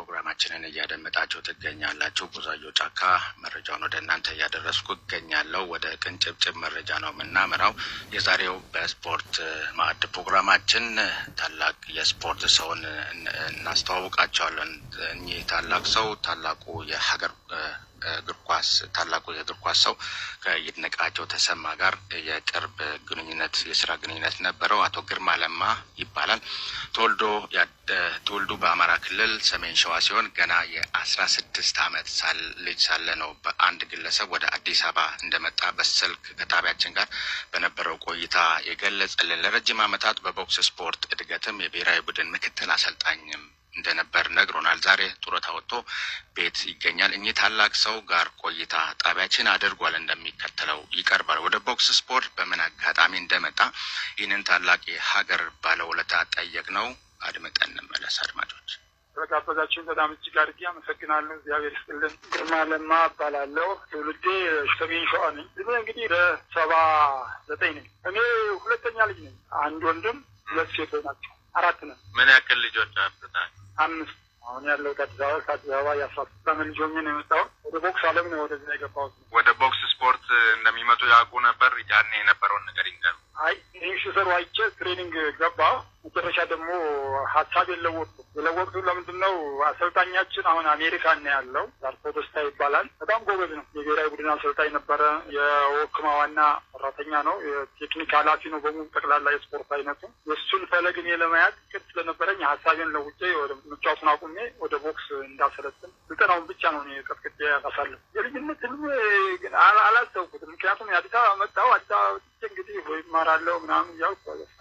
ፕሮግራማችንን እያደመጣችሁ ትገኛላችሁ። ጉዛዮ ጫካ መረጃውን ወደ እናንተ እያደረስኩ እገኛለሁ። ወደ ቅንጭብጭብ መረጃ ነው የምናመራው። የዛሬው በስፖርት ማዕድ ፕሮግራማችን ታላቅ የስፖርት ሰውን እናስተዋውቃቸዋለን። እኚህ ታላቅ ሰው ታላቁ የሀገር እግር ኳስ ታላቁ የእግር ኳስ ሰው ከይድነቃቸው ተሰማ ጋር የቅርብ ግንኙነት የስራ ግንኙነት ነበረው። አቶ ግርማ ለማ ይባላል። ተወልዶ ተወልዱ በአማራ ክልል ሰሜን ሸዋ ሲሆን ገና የአስራ ስድስት አመት ልጅ ሳለ ነው በአንድ ግለሰብ ወደ አዲስ አበባ እንደመጣ በስልክ ከጣቢያችን ጋር በነበረው ቆይታ የገለጸልን። ለረጅም አመታት በቦክስ ስፖርት እድገትም የብሔራዊ ቡድን ምክትል አሰልጣኝም እንደነበር ነግሮናል። ዛሬ ጡረታ ወጥቶ ቤት ይገኛል። እኚህ ታላቅ ሰው ጋር ቆይታ ጣቢያችን አድርጓል እንደሚከተለው ይቀርባል። ወደ ቦክስ ስፖርት በምን አጋጣሚ እንደመጣ ይህንን ታላቅ የሀገር ባለውለታ ጠየቅ ነው። አድምጠን እንመለስ አድማጮች። ስለጋበዛችሁን በጣም እጅግ አድርጌ አመሰግናለሁ። እግዚአብሔር ይስጥልን። ግርማ ለማ እባላለሁ። ትውልዴ ሰሜን ሸዋ ነኝ። እድሜ እንግዲህ በሰባ ዘጠኝ ነኝ። እኔ ሁለተኛ ልጅ ነኝ። አንድ ወንድም፣ ሁለት ሴቶች ናቸው። አራት ነን። ምን ያክል ልጆች አፍርታል? አምስት። አሁን ያለው አዲስ አበባ ከአዲስ አበባ የአስራ ስድስት ዓመት ልጅ ነው የመጣሁት። ወደ ቦክስ አለም ነው ወደዚያ የገባሁት። ወደ ቦክስ ስፖርት እንደሚመጡ ያውቁ ነበር? ያኔ የነበረውን ነገር ይንገሩ። አይ ይህ ሲሰሩ አይቼ ትሬኒንግ ገባ። መጨረሻ ደግሞ ሀሳብ የለወጡ የለወጡ ለምንድን ነው? አሰልጣኛችን አሁን አሜሪካ ነው ያለው። ዛርፎ ደስታ ይባላል። በጣም ጎበዝ ነው። የብሔራዊ ቡድን አሰልጣኝ ነበረ። የወክማ ዋና ሰራተኛ ነው። የቴክኒክ ኃላፊ ነው በሙሉ ጠቅላላ የስፖርት አይነቱ። የእሱን ፈለግ እኔ ለመያዝ ቅድ ስለነበረኝ ሀሳቤን ለውጬ ወደ ምጫቱን አቁሜ ወደ ቦክስ እንዳሰለጥን ስልጠናውን ብቻ ነው ቀጥቅጬ ያሳለፍ የልጅነት ህልም አላሰብኩትም። ምክንያቱም የአዲስ አበባ መጣሁ አዲስ አበባ እንግዲህ ወይ ምናምን ያው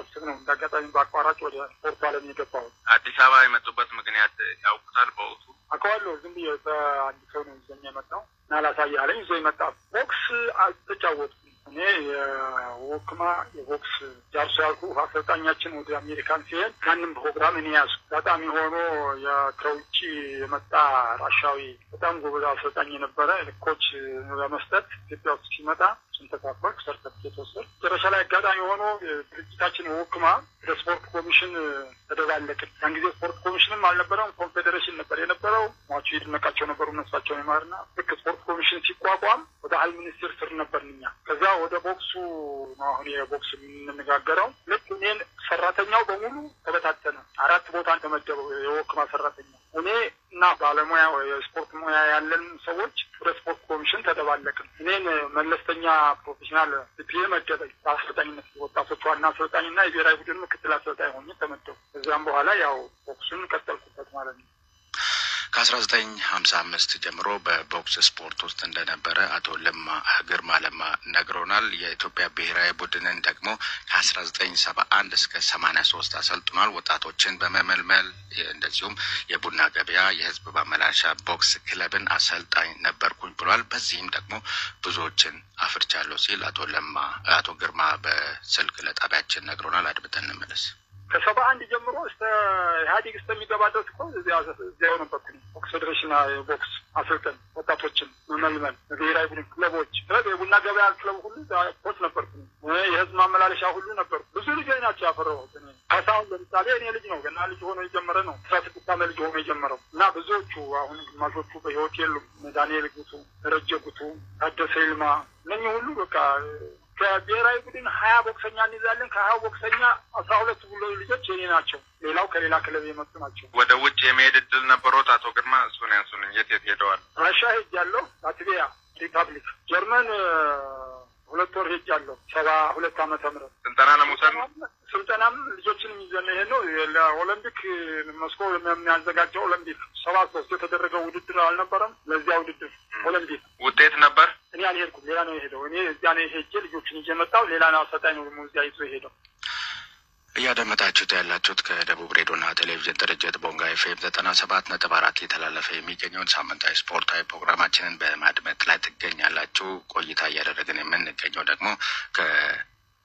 አስብ ነው እንዳጋጣሚ በአቋራጭ ወደ ስፖርቱ አለም የገባሁት። አዲስ አበባ የመጡበት ምክንያት ያውቁታል በወቅቱ አውቀዋለሁ። ዝም ብዬ በአንድ ሰው ነው ይዘኝ የመጣው እና ላሳያ አለኝ ይዞ ይመጣ ቦክስ ተጫወቱ እኔ የወክማ የቦክስ ጃርሶ ያልኩ አሰልጣኛችን ወደ አሜሪካን ሲሄድ ከንም ፕሮግራም እኔ ያዙ በጣም የሆኖ ከውጭ የመጣ ራሻዊ በጣም ጎበዝ አሰልጣኝ የነበረ ልኮች ለመስጠት ኢትዮጵያ ውስጥ ሲመጣ ስንተካፈል ሰርተፍኬት ወሰድ መጨረሻ ላይ አጋጣሚ ሆኖ ድርጅታችን ወክማ ወደ ስፖርት ኮሚሽን ተደላለቅን። ያን ጊዜ ስፖርት ኮሚሽንም አልነበረም፣ ኮንፌዴሬሽን ነበር የነበረው። ሟቹ ይድነቃቸው ነበሩ እነሳቸውን ይማርና ነው አሁን የቦክስ የምንነጋገረው። ልክ እኔን ሰራተኛው በሙሉ ተበታተነ። አራት ቦታ ተመደበው የወክማ ሰራተኛ እኔ እና ባለሙያ የስፖርት ሙያ ያለን ሰዎች ወደ ስፖርት ኮሚሽን ተደባለቅን። እኔን መለስተኛ ፕሮፌሽናል ፒፒኤ መደበኝ በአሰልጣኝነት ወጣቶች ዋና አሰልጣኝና የብሔራዊ ቡድን ምክትል አሰልጣኝ ሆኜ ተመደቡ። እዚያም በኋላ ያው ቦክሱን ቀጠልኩበት ማለት ነው። ከ1955 ጀምሮ በቦክስ ስፖርት ውስጥ እንደነበረ አቶ ለማ ግርማ ለማ ነግሮናል። የኢትዮጵያ ብሔራዊ ቡድንን ደግሞ ከ1971 እስከ 83 አሰልጥኗል። ወጣቶችን በመመልመል እንደዚሁም የቡና ገበያ የህዝብ ማመላለሻ ቦክስ ክለብን አሰልጣኝ ነበርኩኝ ብሏል። በዚህም ደግሞ ብዙዎችን አፍርቻለሁ ሲል አቶ ለማ አቶ ግርማ በስልክ ለጣቢያችን ነግሮናል። አድምጠን እንመለስ። ከሰባ አንድ ጀምሮ እስከ ኢህአዴግ እስከሚገባ ድረስ እኮ እዚያ ነበርኩ። ቦክስ ፌዴሬሽን ቦክስ አሰልጠን ወጣቶችን መመልመል ብሔራዊ ቡድን ክለቦች፣ የቡና ገበያ ክለብ ሁሉ ኮች ነበርኩ። የህዝብ ማመላለሻ ሁሉ ነበርኩ። ብዙ ልጆች ናቸው ያፈራሁት። ከሳሁን ለምሳሌ እኔ ልጅ ነው ገና ልጅ ሆኖ የጀመረ ነው። አስራ ስድስት ዓመት ልጅ ሆኖ የጀመረው እና ብዙዎቹ አሁን ግማሾቹ በህይወት የሉም። ዳንኤል ጉቱ፣ ረጀ ጉቱ፣ ታደሰ ይልማ እነኚህ ሁሉ በቃ ከብሔራዊ ቡድን ሀያ ቦክሰኛ እንይዛለን። ከሀያ ቦክሰኛ አስራ ሁለት ብሎ ልጆች የኔ ናቸው። ሌላው ከሌላ ክለብ የመጡ ናቸው። ወደ ውጭ የመሄድ እድል ነበሮት? አቶ ግርማ እሱን ያንሱን። የት የት ሄደዋል? ራሻ ሄጃለሁ፣ ላትቪያ ሪፐብሊክ፣ ጀርመን ሁለት ወር ሄጃለሁ። ሰባ ሁለት አመተ ምህረት ስልጠና ለመውሰድ ስልጠናም ልጆችን ይዘን ይሄ ነው ለኦሎምፒክ መስኮ የሚያዘጋጀው ኦሎምፒክ ሰባ ሶስት የተደረገው ውድድር አልነበረም። ለዚያ ውድድር ኦሎምፒክ ውጤት ነበር አልሄድኩም። ሌላ ነው የሄደው። እኔ እዚያ ነው ሄጄ ልጆችን ይዤ መጣሁ። ሌላ ነው አሰልጣኝ ደግሞ እዚያ ይዞ ሄደው። እያደመጣችሁት ያላችሁት ከደቡብ ሬዲዮና ቴሌቪዥን ድርጅት ቦንጋ ኤፍኤም ዘጠና ሰባት ነጥብ አራት የተላለፈ የሚገኘውን ሳምንታዊ ስፖርታዊ ፕሮግራማችንን በማድመጥ ላይ ትገኛላችሁ። ቆይታ እያደረግን የምንገኘው ደግሞ ከ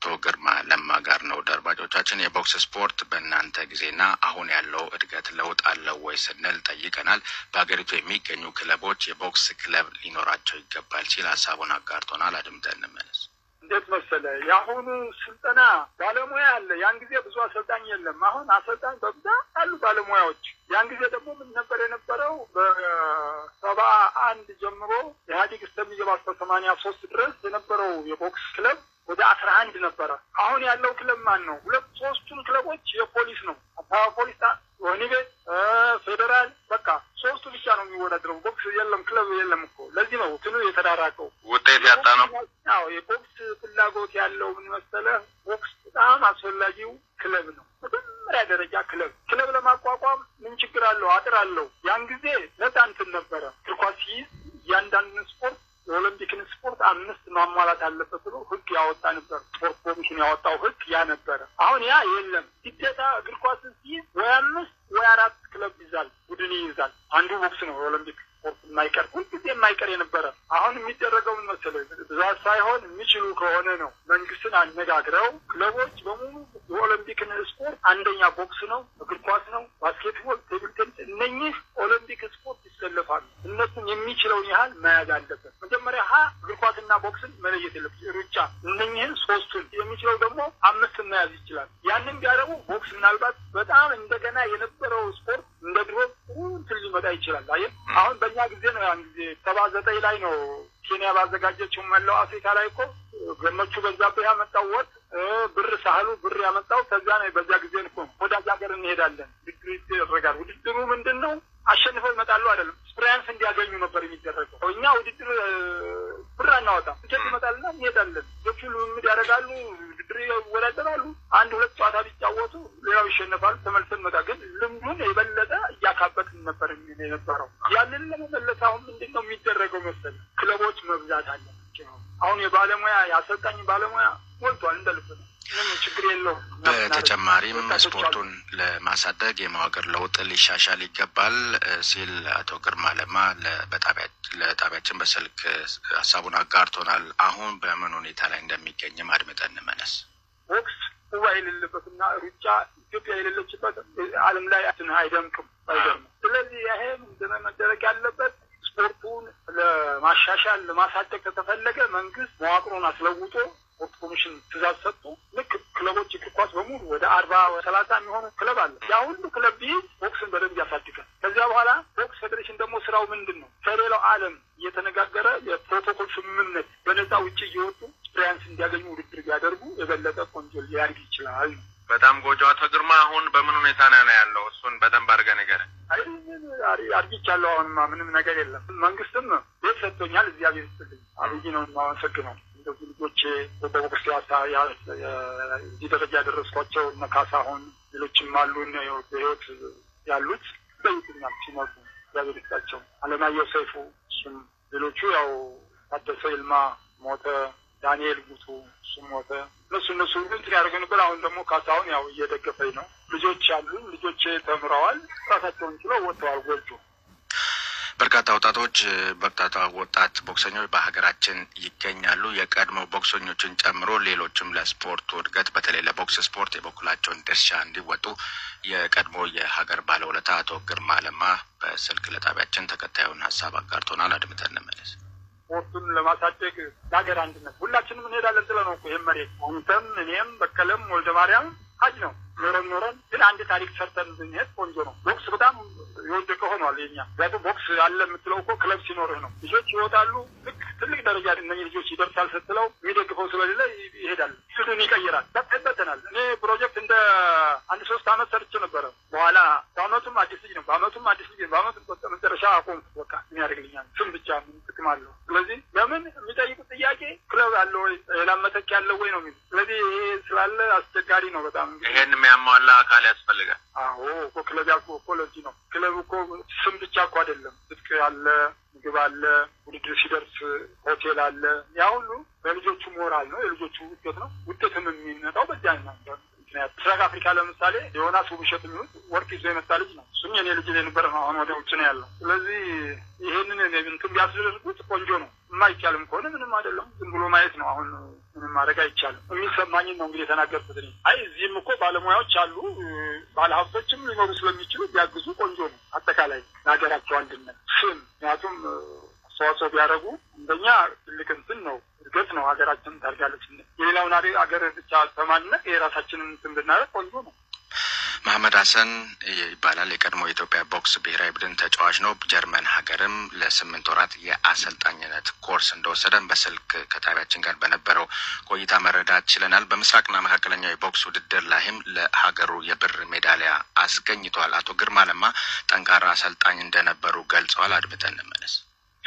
አቶ ግርማ ለማ ጋር ነው። ደርባጮቻችን የቦክስ ስፖርት በእናንተ ጊዜና አሁን ያለው እድገት ለውጥ አለው ወይ ስንል ጠይቀናል። በሀገሪቱ የሚገኙ ክለቦች የቦክስ ክለብ ሊኖራቸው ይገባል ሲል ሀሳቡን አጋርቶናል። አድምጠን እንመለስ። እንዴት መሰለ የአሁኑ ስልጠና ባለሙያ አለ። ያን ጊዜ ብዙ አሰልጣኝ የለም። አሁን አሰልጣኝ በብዛት አሉ ባለሙያዎች። ያን ጊዜ ደግሞ ምን ነበር የነበረው? በሰባ አንድ ጀምሮ ኢህአዴግ እስከሚገባ እስከ ሰማንያ ሶስት ድረስ የነበረው የቦክስ ክለብ ወደ አስራ አንድ ነበረ። አሁን ያለው ክለብ ማን ነው? ሁለት ሶስቱን ክለቦች የፖሊስ ነው። ፖሊስ ወህኒ ቤት፣ ፌዴራል በቃ ሶስቱ ብቻ ነው የሚወዳደረው። ቦክስ የለም ክለብ የለም እኮ ለዚህ ነው ትኑ የተዳራቀው ውጤት ያጣ ነው። አዎ የቦክስ ፍላጎት ያለው ምን መሰለ፣ ቦክስ በጣም አስፈላጊው ክለብ ነው። መጀመሪያ ደረጃ ክለብ ክለብ ለማቋቋም ምን ችግር አለው? አጥር አለው። ያን ጊዜ ነፃ እንትን ነበረ እግር ኳስ ሲይዝ እያንዳንዱን ስፖርት አምስት ማሟላት አለበት ብሎ ህግ ያወጣ ነበር። ስፖርት ኮሚሽን ያወጣው ህግ ያ ነበረ። አሁን ያ የለም። ግዴታ እግር ኳስን ሲይዝ ወይ አምስት ወይ አራት ክለብ ይዛል፣ ቡድን ይይዛል። አንዱ ቦክስ ነው ኦሎምፒክ ስፖርት የማይቀር ሁልጊዜ የማይቀር የነበረ አሁን የሚደረገው ምን መሰለህ? ብዛት ሳይሆን የሚችሉ ከሆነ ነው መንግስትን አነጋግረው ክለቦች በሙሉ የኦሎምፒክን ስፖርት አንደኛ ቦክስ ነው፣ እግር ኳስ ነው፣ ባስኬትቦል፣ ቴብል ቴኒስ እነኚህ ኦሎምፒክ ስፖርት ይሰለፋሉ። እነሱን የሚችለውን ያህል መያዝ አለበት። መጀመሪያ ሀ እግር ኳስና ቦክስን መለየት የለም ሩጫ እነኝህን ሶስቱን የሚችለው ደግሞ አምስት መያዝ ይችላል። ያንን ቢያደረጉ ቦክስ ምናልባት በጣም እንደገና የነበረው ስፖርት እንደ ድሮ እንትን ሊመጣ ይችላል። አየ አሁን በእኛ ጊዜ ነው ያን ጊዜ ሰባ ዘጠኝ ላይ ነው ኬንያ ባዘጋጀችው መላው አፍሪካ ላይ እኮ ገመቹ በዛብህ ያመጣው ወጥ ብር ሳህሉ ብር ያመጣው ከዚያ ነው። በዛ ጊዜ እኮ ወዳጅ ሀገር እንሄዳለን ውድድር ያደረጋል ውድድሩ ምንድን ነው? አሸንፈው ይመጣሉ አይደለም ፍራንስ እንዲያገኙ ነበር የሚደረገው። እኛ ውድድር ብር አናወጣም፣ ስኬት ይመጣልና እንሄዳለን። ሎች ልምምድ ያደርጋሉ፣ ውድድር ይወዳደራሉ። አንድ ሁለት ጨዋታ ቢጫወቱ ሌላው ይሸነፋሉ፣ ተመልሰን መጣ። ግን ልምዱን የበለጠ እያካበትን ነበር የነበረው። ያንን ለመመለስ አሁን ምንድን ነው የሚደረገው መሰል ክለቦች መብዛት አለ። አሁን የባለሙያ የአሰልጣኝ ባለሙያ ሞልቷል፣ እንደልብ ነው፣ ምንም ችግር የለውም። በተጨማሪም ስፖርቱን ለማሳደግ የመዋቅር ለውጥ ሊሻሻል ይገባል ሲል አቶ ግርማ ለማ ለጣቢያችን በስልክ ሀሳቡን አጋርቶናል። አሁን በምን ሁኔታ ላይ እንደሚገኝም አድምጠን እንመለስ። ቦክስ ኩባ የሌለበትና ሩጫ ኢትዮጵያ የሌለችበት ዓለም ላይ ትን አይደምቅም አይደምም። ስለዚህ ይሄ ምንድነው መደረግ ያለበት? ስፖርቱን ለማሻሻል ለማሳደግ ከተፈለገ መንግስት መዋቅሩን አስለውጦ ስፖርት ኮሚሽን ትእዛዝ ሰጡ። ልክ ክለቦች እግር ኳስ በሙሉ ወደ አርባ ሰላሳ የሚሆኑ ክለብ አለ። ያ ሁሉ ክለብ ቢይዝ ቦክስን በደንብ ያሳድጋል። ከዚያ በኋላ ቦክስ ፌዴሬሽን ደግሞ ስራው ምንድን ነው? ከሌላው ዓለም እየተነጋገረ የፕሮቶኮል ስምምነት በነፃ ውጭ እየወጡ ኤክስፔሪያንስ እንዲያገኙ ውድድር ቢያደርጉ የበለጠ ቆንጆ ሊያድግ ይችላል። በጣም ጎጆ። አቶ ግርማ አሁን በምን ሁኔታ ነው ያለው? እሱን በደንብ አድርገህ ንገረኝ። አድጊቻለሁ። አሁንማ ምንም ነገር የለም። መንግስትም ቤት ሰጥቶኛል። እዚያ ቤት ስልኝ አብይ ነው የማመሰግነው። እነዚህ ልጆች በቤተክርስቲያን እዚህ ደረጃ ያደረስኳቸው እነ ካሳሁን ሌሎችም አሉ በህይወት ያሉት በይትኛም ሲመጡ እግዚአብሔር ይስጣቸው። አለማየሁ ሰይፉ እሱም ሌሎቹ ያው ታደሰ ይልማ ሞተ፣ ዳንኤል ጉቱ እሱም ሞተ። እነሱ እነሱ እንትን ያደርገው ነበር። አሁን ደግሞ ካሳሁን ያው እየደገፈኝ ነው። ልጆች አሉ ልጆች ተምረዋል፣ ራሳቸውን ችለው ወጥተዋል ጎጆ በርካታ ወጣቶች በርካታ ወጣት ቦክሰኞች በሀገራችን ይገኛሉ። የቀድሞ ቦክሰኞችን ጨምሮ ሌሎችም ለስፖርቱ እድገት በተለይ ለቦክስ ስፖርት የበኩላቸውን ድርሻ እንዲወጡ የቀድሞ የሀገር ባለውለታ አቶ ግርማ ለማ በስልክ ለጣቢያችን ተከታዩን ሀሳብ አጋርቶናል። አድምጠን እንመለስ። ስፖርቱን ለማሳደግ ለሀገር አንድነት ሁላችንም እንሄዳለን ጥለ ነው ይህም መሬት አንተም እኔም በቀለም ወልደ ማርያም ሀጅ ነው ኖረን ኖረን ግን አንድ ታሪክ ሰርተን ብንሄድ ቆንጆ ነው። ቦክስ በጣም የወደቀ ሆኗል የኛ። ምክንያቱም ቦክስ አለ የምትለው እኮ ክለብ ሲኖርህ ነው። ልጆች ይወጣሉ። ልክ ትልቅ ደረጃ እነኝህ ልጆች ይደርሳል ስትለው የሚደግፈው ስለሌለ ይሄዳል። ስቱን ይቀይራል። በጠበተናል። እኔ ፕሮጀክት እንደ አንድ ሶስት አመት ሰርቼ ነበረ። በኋላ በአመቱም አዲስ ልጅ ነው፣ በአመቱም አዲስ ልጅ ነው፣ በአመቱም መጨረሻ አቆም። በቃ ምን ያደርግልኛል ስም ብቻ ይፈጽማሉ። ስለዚህ ለምን የሚጠይቁት ጥያቄ ክለብ አለ ወይ ላመተክ ያለው ወይ ነው የሚሉ ስለዚህ ይሄ ስላለ አስቸጋሪ ነው በጣም ይሄን የሚያሟላ አካል ያስፈልጋል። አዎ እኮ ክለብ ያልኩ እኮ ለዚህ ነው። ክለብ እኮ ስም ብቻ እኮ አይደለም። ትጥቅ አለ፣ ምግብ አለ፣ ውድድር ሲደርስ ሆቴል አለ። ያ ሁሉ በልጆቹ ሞራል ነው የልጆቹ ውጤት ነው። ውጤትም የሚመጣው በዚያ ምክንያት ምስራቅ አፍሪካ ለምሳሌ የሆናስ ውብሸት የሚሉት ወርቅ ይዞ የመጣ ልጅ ነው። እሱም የኔ ልጅ የነበረ ነው። አሁን ወደ ውጭ ነው ያለው። ስለዚህ ይህንን እንትን ቢያስደርጉት ቆንጆ ነው። የማይቻልም ከሆነ ምንም አይደለም። ዝም ብሎ ማየት ነው። አሁን ምንም ማድረግ አይቻልም። የሚሰማኝን ነው እንግዲህ የተናገርኩት። አይ እዚህም እኮ ባለሙያዎች አሉ፣ ባለሀብቶችም ሊኖሩ ስለሚችሉ ቢያግዙ ቆንጆ ነው። አጠቃላይ ለሀገራቸው አንድነት ስም ምክንያቱም አስተዋጽኦ ቢያደረጉ አንደኛ ትልቅ እንትን ነው ግልጽ ነው። ሀገራችን ታድጋለች። የሌላውን ሀገር ብቻ በማድነቅ የራሳችንን እንትን ብናደርግ ቆንጆ ነው። መሐመድ ሀሰን ይባላል። የቀድሞ የኢትዮጵያ ቦክስ ብሔራዊ ቡድን ተጫዋች ነው። ጀርመን ሀገርም ለስምንት ወራት የአሰልጣኝነት ኮርስ እንደወሰደን በስልክ ከጣቢያችን ጋር በነበረው ቆይታ መረዳት ችለናል። በምስራቅና መካከለኛው የቦክስ ውድድር ላይም ለሀገሩ የብር ሜዳሊያ አስገኝተዋል። አቶ ግርማ ለማ ጠንካራ አሰልጣኝ እንደነበሩ ገልጸዋል። አድምጠን እንመለስ።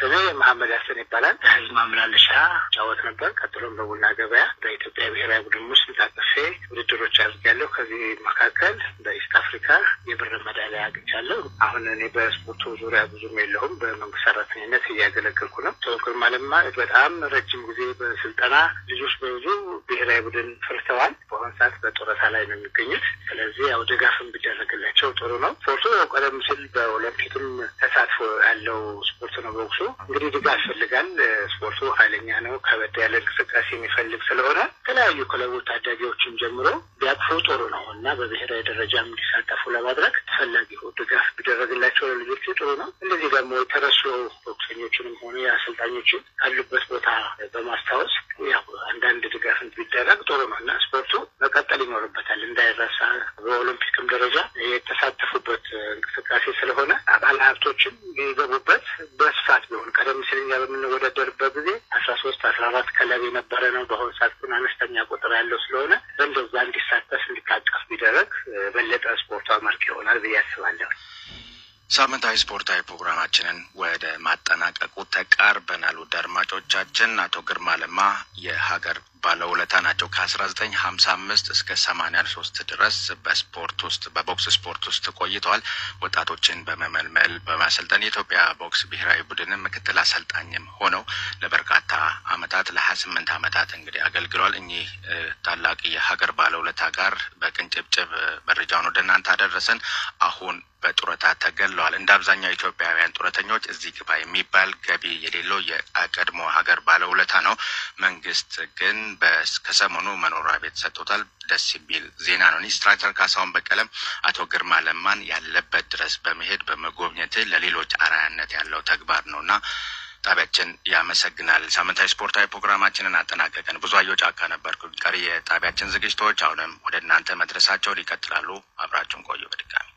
ስሜ መሐመድ ሀሰን ይባላል። ህዝብ ማመላለሻ ጫወት ነበር። ቀጥሎም በቡና ገበያ በኢትዮጵያ ብሔራዊ ቡድን ውስጥ ታቅፌ ውድድሮች አድርጌያለሁ። ከዚህ መካከል በኢስት አፍሪካ የብር መዳሊያ አግኝቻለሁ። አሁን እኔ በስፖርቱ ዙሪያ ብዙም የለሁም። በመንግስት ሰራተኝነት እያገለገልኩ ነው። ተወክል ማለማ በጣም ረጅም ጊዜ በስልጠና ልጆች በብዙ ብሔራዊ ቡድን ፈርተዋል። በአሁን ሰዓት በጡረታ ላይ ነው የሚገኙት። ስለዚህ ያው ድጋፍም ቢደረግላቸው ጥሩ ነው። ስፖርቱ ቀደም ሲል በኦሎምፒክም ተሳትፎ ያለው ስፖርት ነው በወቅቱ እንግዲህ ድጋፍ ይፈልጋል። ስፖርቱ ኃይለኛ ነው፣ ከበድ ያለ እንቅስቃሴ የሚፈልግ ስለሆነ የተለያዩ ክለቦች ታዳጊዎችን ጀምሮ ቢያቅፉ ጥሩ ነው እና በብሔራዊ ደረጃ እንዲሳተፉ ለማድረግ ተፈላጊ ድጋፍ ቢደረግላቸው ለልጆቹ ጥሩ ነው። እንደዚህ ደግሞ የተረሱ ቦክሰኞችንም ሆነ የአሰልጣኞችን ካሉበት ቦታ በማስታወስ ያው አንዳንድ ድጋፍን ቢደረግ ጥሩ ነው እና ስፖርቱ መቀጠል ይኖርበታል እንዳይረሳ። በኦሎምፒክም ደረጃ የተሳተፉበት እንቅስቃሴ ስለሆነ አባል ሀብቶችም ሊገቡበት በስፋት ቢሆን ቀደም ሲል እኛ በምንወዳደርበት ጊዜ አስራ ሶስት አስራ አራት ክለብ የነበረ ነው። በአሁኑ ሰዓት ግን አነስተኛ ቁጥር ያለው ስለሆነ በእንደዛ እንዲሳተፍ እንዲታቀፍ ቢደረግ በለጠ ስፖርቱ አመርቂ ይሆናል ብዬ አስባለሁ። ሳምንታዊ ስፖርታዊ ፕሮግራማችንን ወደ ማጠናቀቁ ተቃርበናል። ውድ አድማጮቻችን፣ አቶ ግርማ ለማ የሀገር ባለውለታ ናቸው። ከ1955 እስከ 83 ድረስ በስፖርት ውስጥ በቦክስ ስፖርት ውስጥ ቆይተዋል። ወጣቶችን በመመልመል በማሰልጠን የኢትዮጵያ ቦክስ ብሔራዊ ቡድንን ምክትል አሰልጣኝም ሆነው ለበርካታ አመታት ለ28 አመታት እንግዲህ አገልግሏል። እኚህ ታላቅ የሀገር ባለውለታ ጋር በቅንጭብጭብ መረጃውን ወደ እናንተ አደረሰን። አሁን በጡረታ ተገለዋል። እንደ አብዛኛው ኢትዮጵያውያን ጡረተኞች እዚህ ግባ የሚባል ገቢ የሌለው የቀድሞ ሀገር ባለውለታ ነው። መንግስት ግን ዜናውን ከሰሞኑ መኖሪያ ቤት ሰጥቶታል። ደስ የሚል ዜና ነው። ኢንስትራክተር ካሳሁን በቀለም አቶ ግርማ ለማን ያለበት ድረስ በመሄድ በመጎብኘት ለሌሎች አርአያነት ያለው ተግባር ነው እና ጣቢያችን ያመሰግናል። ሳምንታዊ ስፖርታዊ ፕሮግራማችንን አጠናቀቀን ብዙ ጫካ ነበርኩ። ቀሪ የጣቢያችን ዝግጅቶች አሁንም ወደ እናንተ መድረሳቸውን ይቀጥላሉ። አብራችሁን ቆዩ። በድጋሚ